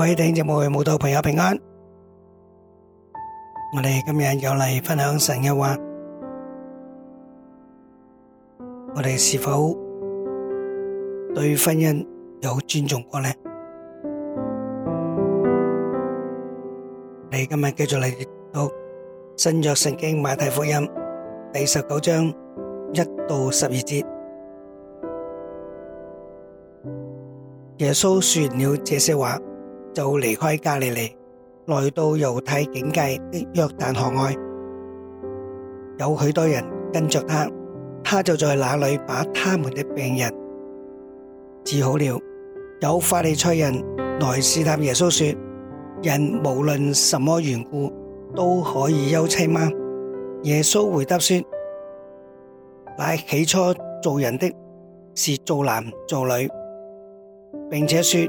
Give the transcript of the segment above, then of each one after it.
各位弟兄姊妹、聽眾朋友平安，我哋今日又嚟分享神嘅話，我哋是否對婚姻有尊重過呢？我哋今日繼續嚟讀新約聖經馬太福音第十九章一到十二節，耶穌說了這些話。就離開加利利，來到猶太境界的約旦河外，有許多人跟着他，他就在那裏把他們的病人治好了。有法利賽人來試探耶穌，說：人無論什麼緣故都可以休妻嗎？耶穌回答說：乃起初造人的是造男造女，並且說。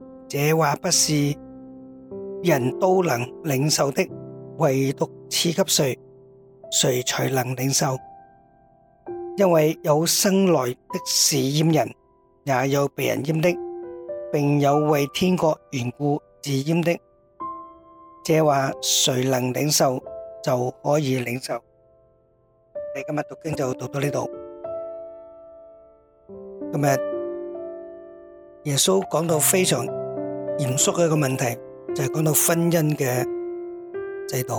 這話不是人都能領受的，唯獨賜給誰，誰才能領受。因為有生來的是閹人，也有被人閹的，並有為天國緣故自閹的。這話誰能領受就可以領受。你今日讀經就讀到呢度，今日耶穌講到非常。嚴肅嘅一個問題，就係、是、講到婚姻嘅制度。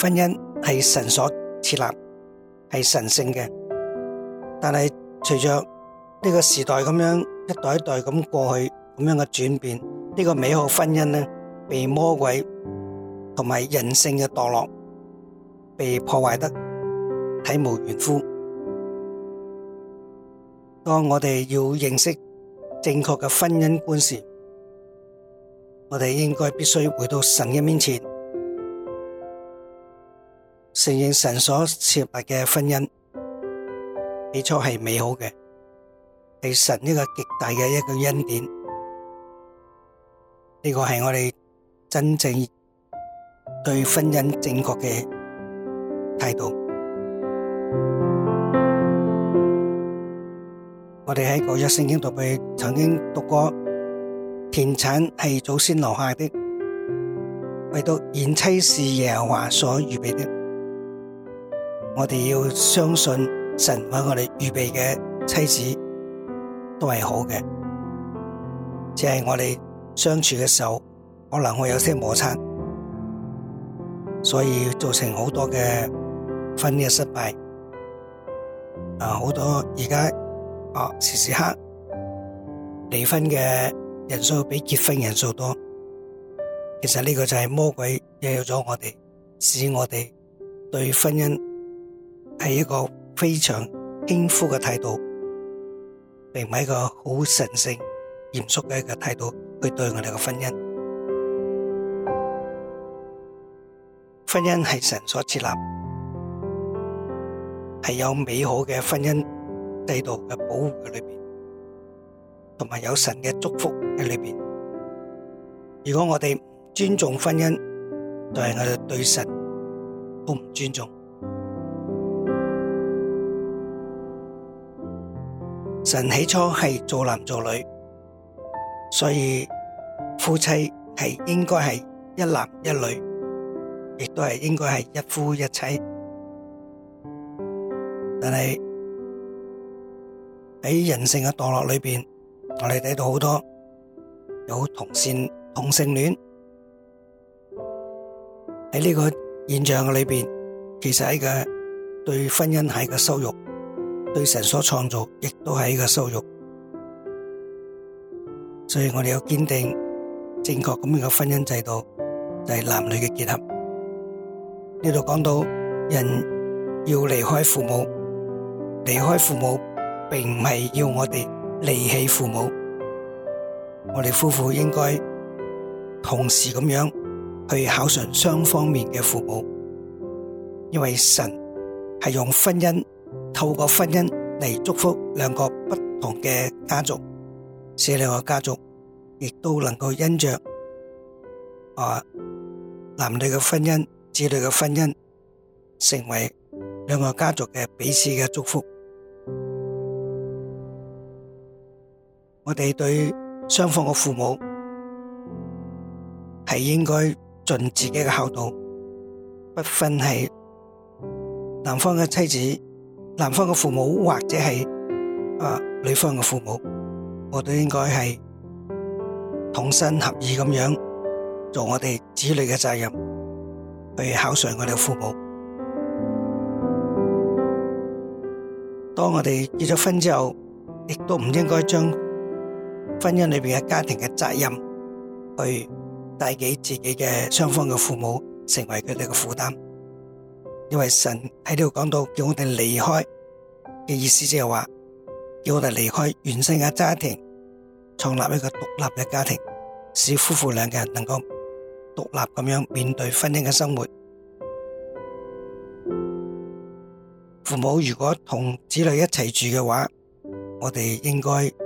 婚姻係神所設立，係神聖嘅。但係隨着呢個時代咁樣一代一代咁過去咁樣嘅轉變，呢、這個美好婚姻呢，被魔鬼同埋人性嘅墮落，被破壞得體無完膚。當我哋要認識。正確嘅婚姻觀是，我哋應該必須回到神嘅面前，承認神所設立嘅婚姻起初係美好嘅，係神一個極大嘅一個恩典。呢個係我哋真正對婚姻正確嘅態度。我哋喺舊約聖經度曾經讀過，田產係祖先留下的，唯獨賢妻是耶和華所預備的。我哋要相信神為我哋預備嘅妻子都係好嘅，只係我哋相處嘅時候，可能會有些摩擦，所以要造成好多嘅婚姻失敗。啊，好多而家。啊！時時刻離婚嘅人數比結婚人數多，其實呢個就係魔鬼引誘咗我哋，使我哋對婚姻係一個非常輕忽嘅態度，並唔係一個好神聖、嚴肅嘅一個態度去對我哋嘅婚姻。婚姻係神所設立，係有美好嘅婚姻。地道嘅保護喺裏邊，同埋有神嘅祝福喺裏邊。如果我哋唔尊重婚姻，就係、是、我哋對神都唔尊重。神起初係做男做女，所以夫妻係應該係一男一女，亦都係應該係一夫一妻。但係。喺人性嘅墮落裏邊，我哋睇到好多有同性同性戀喺呢個現象嘅裏邊，其實係一個對婚姻係一個羞辱，對神所創造亦都係一個羞辱。所以我哋要堅定正確咁樣嘅婚姻制度，就係、是、男女嘅結合。呢度講到人要離開父母，離開父母。並唔係要我哋離棄父母，我哋夫婦應該同時咁樣去孝順雙方面嘅父母，因為神係用婚姻透過婚姻嚟祝福兩個不同嘅家族，使兩個家族亦都能夠因着啊男女嘅婚姻，子女嘅婚姻，成為兩個家族嘅彼此嘅祝福。我哋對雙方嘅父母係應該盡自己嘅孝道，不分係男方嘅妻子、男方嘅父母，或者係啊女方嘅父母，我哋應該係同心合意咁樣做我哋子女嘅責任，去孝順我哋嘅父母。當我哋結咗婚之後，亦都唔應該將。婚姻裏邊嘅家庭嘅責任，去帶俾自己嘅雙方嘅父母成為佢哋嘅負擔。因為神喺度講到叫我哋離開嘅意思，就係，即係話叫我哋離開原生嘅家庭，創立一個獨立嘅家庭，使夫婦兩個人能夠獨立咁樣面對婚姻嘅生活。父母如果同子女一齊住嘅話，我哋應該。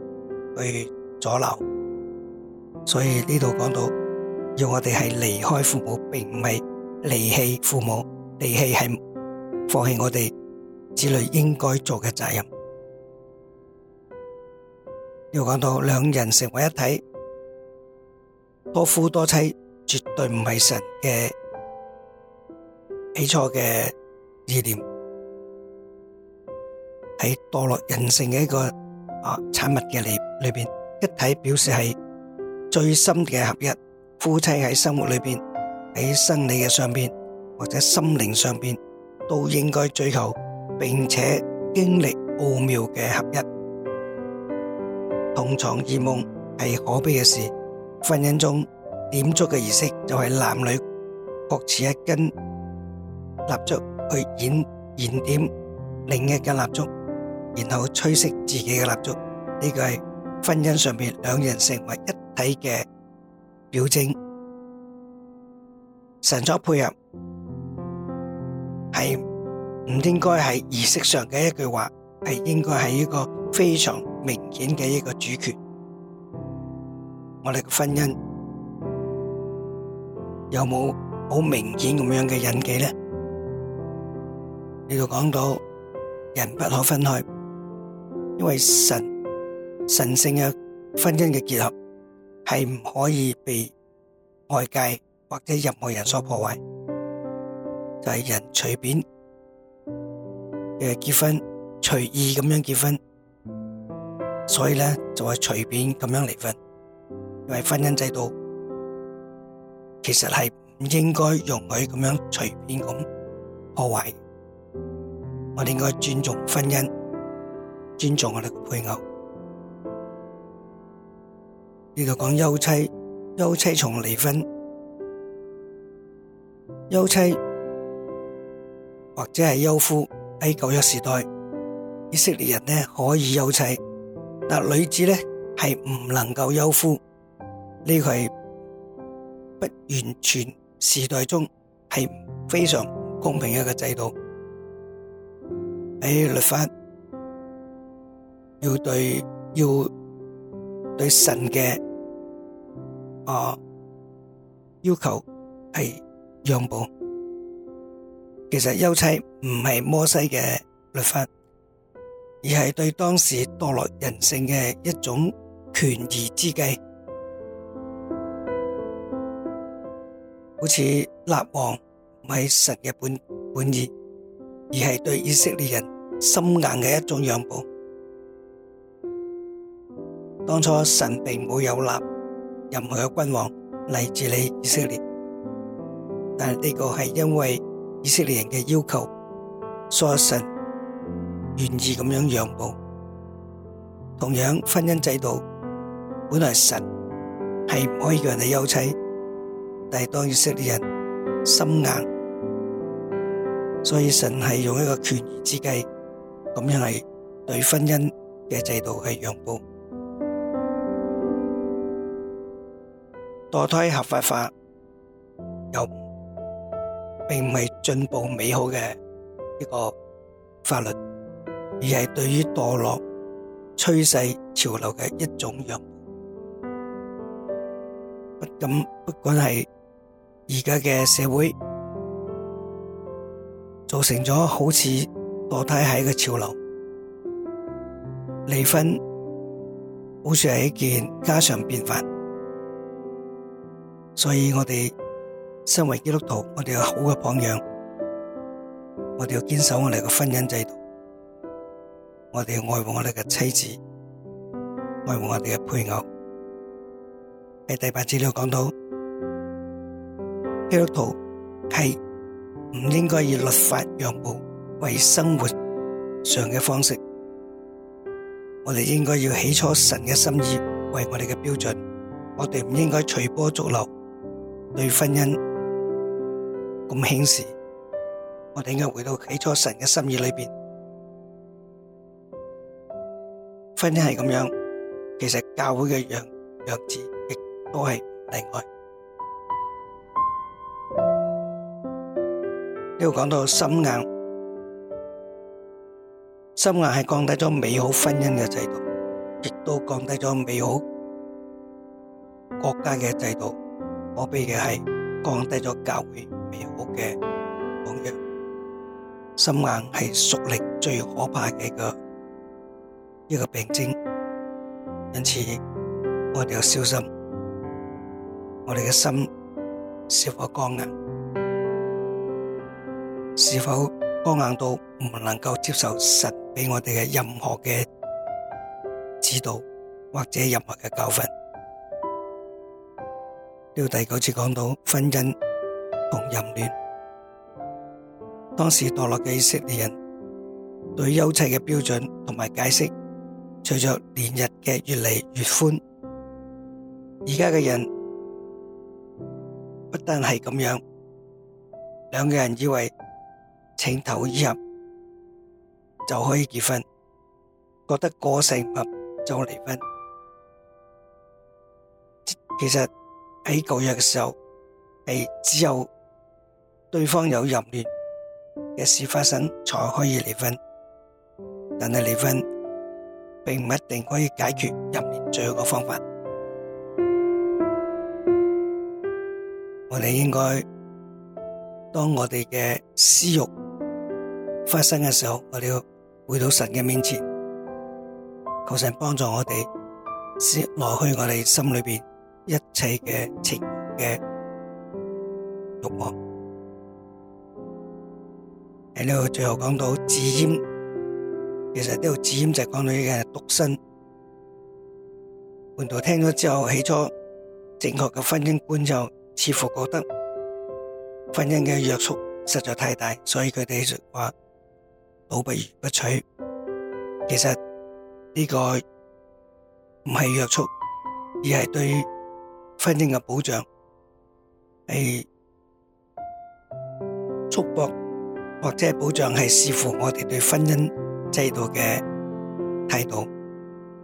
去阻撓。所以呢度講到，要我哋係離開父母，並唔係離棄父母，離棄係放棄我哋子女應該做嘅責任。要講到兩人成為一體，多夫多妻絕對唔係神嘅起初嘅意念，喺墮落人性嘅一個啊產物嘅嚟。裏邊一體表示係最深嘅合一。夫妻喺生活裏邊，喺生理嘅上邊或者心靈上邊都應該追求，並且經歷奧妙嘅合一。同床異夢係可悲嘅事。婚姻中點燭嘅儀式就係男女各持一根蠟燭去引燃點另一根蠟燭，然後吹熄自己嘅蠟燭。呢個係。婚姻上面，兩人成為一體嘅表徵，神所配合，係唔應該係儀式上嘅一句話，係應該係一個非常明顯嘅一個主權。我哋嘅婚姻有冇好明顯咁樣嘅印記呢？呢度講到人不可分開，因為神。神聖嘅婚姻嘅結合係唔可以被外界或者任何人所破壞，就係、是、人隨便嘅結婚隨意咁樣結婚，所以咧就係隨便咁樣離婚。因為婚姻制度其實係唔應該容許咁樣隨便咁破壞，我哋應該尊重婚姻，尊重我哋嘅配偶。呢度講休妻，休妻從離婚，休妻或者係休夫喺舊約時代，以色列人呢可以休妻，但女子呢係唔能夠休夫，呢個係不完全時代中係非常唔公平嘅一個制度，喺律法要對要。對神嘅啊要求係讓步，其實休妻唔係摩西嘅律法，而係對當時墮落人性嘅一種權宜之計。好似立王唔係神嘅本本意，而係對以色列人心硬嘅一種讓步。當初神並冇有立任何嘅君王嚟治理以色列，但係呢個係因為以色列人嘅要求，所以神願意咁樣讓步。同樣，婚姻制度本來神係唔可以叫人哋休妻，但係當以色列人心硬，所以神係用一個權宜之計，咁樣係對婚姻嘅制度係讓步。墮胎合法化又並唔係進步美好嘅一個法律，而係對於墮落趨勢潮流嘅一種讓步。咁不管係而家嘅社會造成咗好似墮胎係一個潮流，離婚好似係一件家常便飯。所以我哋身為基督徒，我哋有好嘅榜樣，我哋要堅守我哋嘅婚姻制度，我哋要愛護我哋嘅妻子，愛護我哋嘅配偶。喺第八節裏講到，基督徒係唔應該以律法、讓步為生活上嘅方式，我哋應該要起初神嘅心意為我哋嘅標準，我哋唔應該隨波逐流。對婚姻咁輕視，我哋應該回到起初神嘅心意裏邊。婚姻係咁樣，其實教會嘅樣樣子亦都係例外。呢度講到心硬，心硬係降低咗美好婚姻嘅制度，亦都降低咗美好國家嘅制度。可悲嘅係降低咗教會美好嘅榜樣，心硬係屬靈最可怕嘅一個病徵，因此我哋要小心，我哋嘅心是否剛硬，是否剛硬到唔能夠接受神畀我哋嘅任何嘅指導或者任何嘅教訓。要第九次講到婚姻同淫亂，當時墮落嘅以色列人對休妻嘅標準同埋解釋，隨着年日嘅越嚟越寬。而家嘅人不單係咁樣，兩個人以為情投意合就可以結婚，覺得個性唔合就離婚，其實。喺舊約嘅時候，係只有對方有淫亂嘅事發生，才可以離婚。但係離婚並唔一定可以解決淫亂最好嘅方法。我哋應該當我哋嘅私欲發生嘅時候，我哋要回到神嘅面前，求神幫助我哋，消落去我哋心裏邊。一切嘅情嘅欲望，喺呢度最後講到自閹，其實呢度自閹就係講到呢個獨身。信徒聽咗之後，起初正確嘅婚姻觀就似乎覺得婚姻嘅約束實在太大，所以佢哋話倒不如不娶。其實呢個唔係約束，而係對。婚姻嘅保障係束縛，或者係保障，係視乎我哋對婚姻制度嘅態度。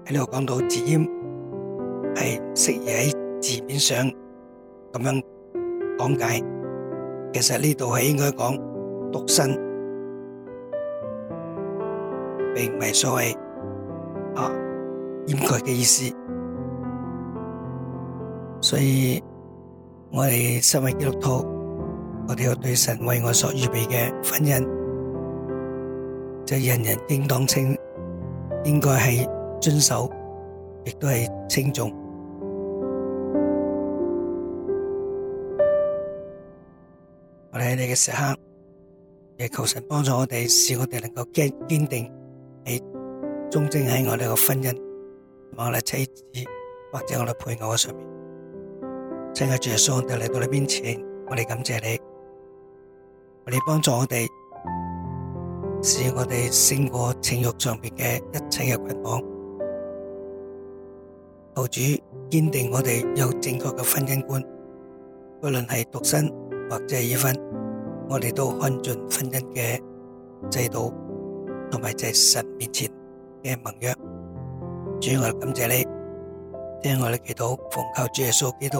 喺呢度講到自閹係適宜喺字面上咁樣講解，其實呢度係應該講獨身，並唔係所謂啊閹割嘅意思。所以我哋身為基督徒，我哋要對神為我所預備嘅婚姻，就人人應當清，應該係遵守，亦都係尊重。我哋喺呢個時刻，也求神幫助我哋，使我哋能夠堅定喺忠貞喺我哋嘅婚姻，和我哋妻子或者我哋配偶嘅上面。聖嘅主耶穌，我哋嚟到你面前，我哋感謝你，我哋幫助我哋，使我哋勝過情欲上邊嘅一切嘅捆綁。求主堅定我哋有正確嘅婚姻觀，不論係獨身或者係已婚，我哋都看準婚姻嘅制度同埋在神面前嘅盟約。主，我哋感謝你，聽我哋祈禱，奉靠主耶穌基督。